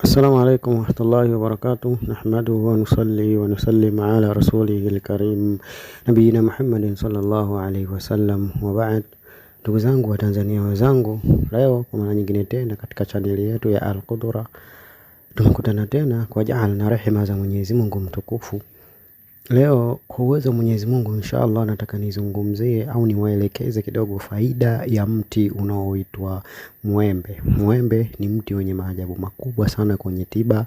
Assalamu alaikum warahmatullahi wabarakatuh nahmaduhu wanusalli wanusallim ala rasulihi lkarim nabiina Muhammadin sallallahu alaihi wasallam wabaad. Ndugu zangu wa Tanzania wenzangu, leo kwa mara nyingine tena katika chaneli yetu ya Al Qudra tumekutana tena kwa jaal na rehema za Mwenyezi Mungu mtukufu Leo kwa uwezo wa Mwenyezi Mungu insha Allah, nataka nizungumzie au niwaelekeze kidogo faida ya mti unaoitwa mwembe. Mwembe ni mti wenye maajabu makubwa sana kwenye tiba,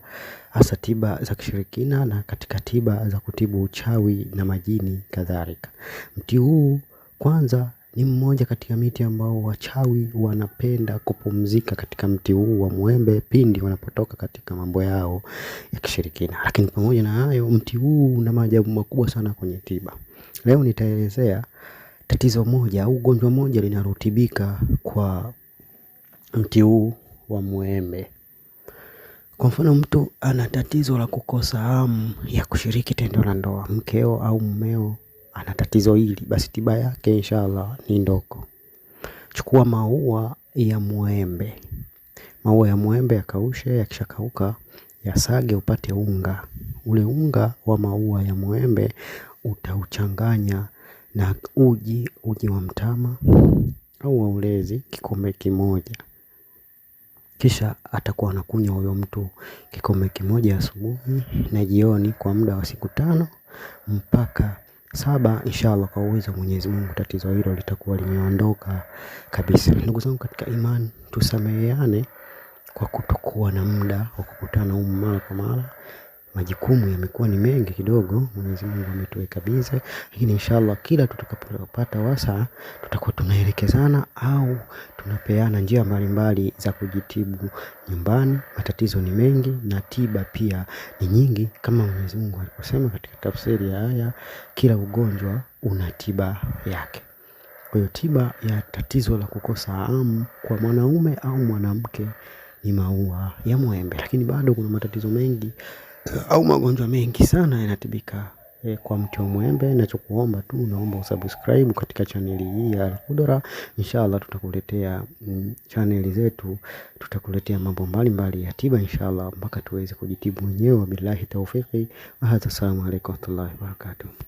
hasa tiba za kishirikina na katika tiba za kutibu uchawi na majini kadhalika. Mti huu kwanza ni mmoja katika miti ambao wachawi wanapenda kupumzika katika mti huu wa mwembe pindi wanapotoka katika mambo yao ya kishirikina. Lakini pamoja na hayo, mti huu una maajabu makubwa sana kwenye tiba. Leo nitaelezea tatizo moja au ugonjwa moja linalotibika kwa mti huu wa mwembe. Kwa mfano, mtu ana tatizo la kukosa hamu ya kushiriki tendo la ndoa, mkeo au mmeo ana tatizo hili basi tiba yake inshallah ni ndogo. Chukua maua ya mwembe. Maua ya mwembe yakaushe, yakishakauka yasage upate unga. Ule unga wa maua ya mwembe utauchanganya na uji, uji wa mtama au wa ulezi kikombe kimoja. Kisha atakuwa anakunywa huyo mtu kikombe kimoja asubuhi na jioni kwa muda wa siku tano mpaka saba inshallah kwa uwezo wa Mwenyezi Mungu tatizo hilo litakuwa limeondoka kabisa. Ndugu zangu katika imani, tusameheane kwa kutokuwa na muda wa kukutana humu mara kwa mara majukumu yamekuwa ni mengi kidogo, Mwenyezi Mungu ametuweka bize, lakini inshallah kila tutakapopata wasa tutakuwa tunaelekezana au tunapeana njia mbalimbali za kujitibu nyumbani. Matatizo ni mengi na tiba pia ni nyingi, kama Mwenyezi Mungu aliposema katika tafsiri ya aya, kila ugonjwa una tiba yake. Kwa hiyo tiba ya tatizo la kukosa hamu kwa mwanaume au mwanamke ni maua ya mwembe, lakini bado kuna matatizo mengi au magonjwa mengi sana yanatibika eh, kwa mti wa mwembe. Nachokuomba tu naomba usubscribe katika chaneli hii ya Alhuda. Inshallah tutakuletea mm, chaneli zetu, tutakuletea mambo mbalimbali ya tiba inshallah, mpaka tuweze kujitibu wenyewe. Billahi taufiki, wahada. Assalamu alaikum warahmatullahi wabarakatuh.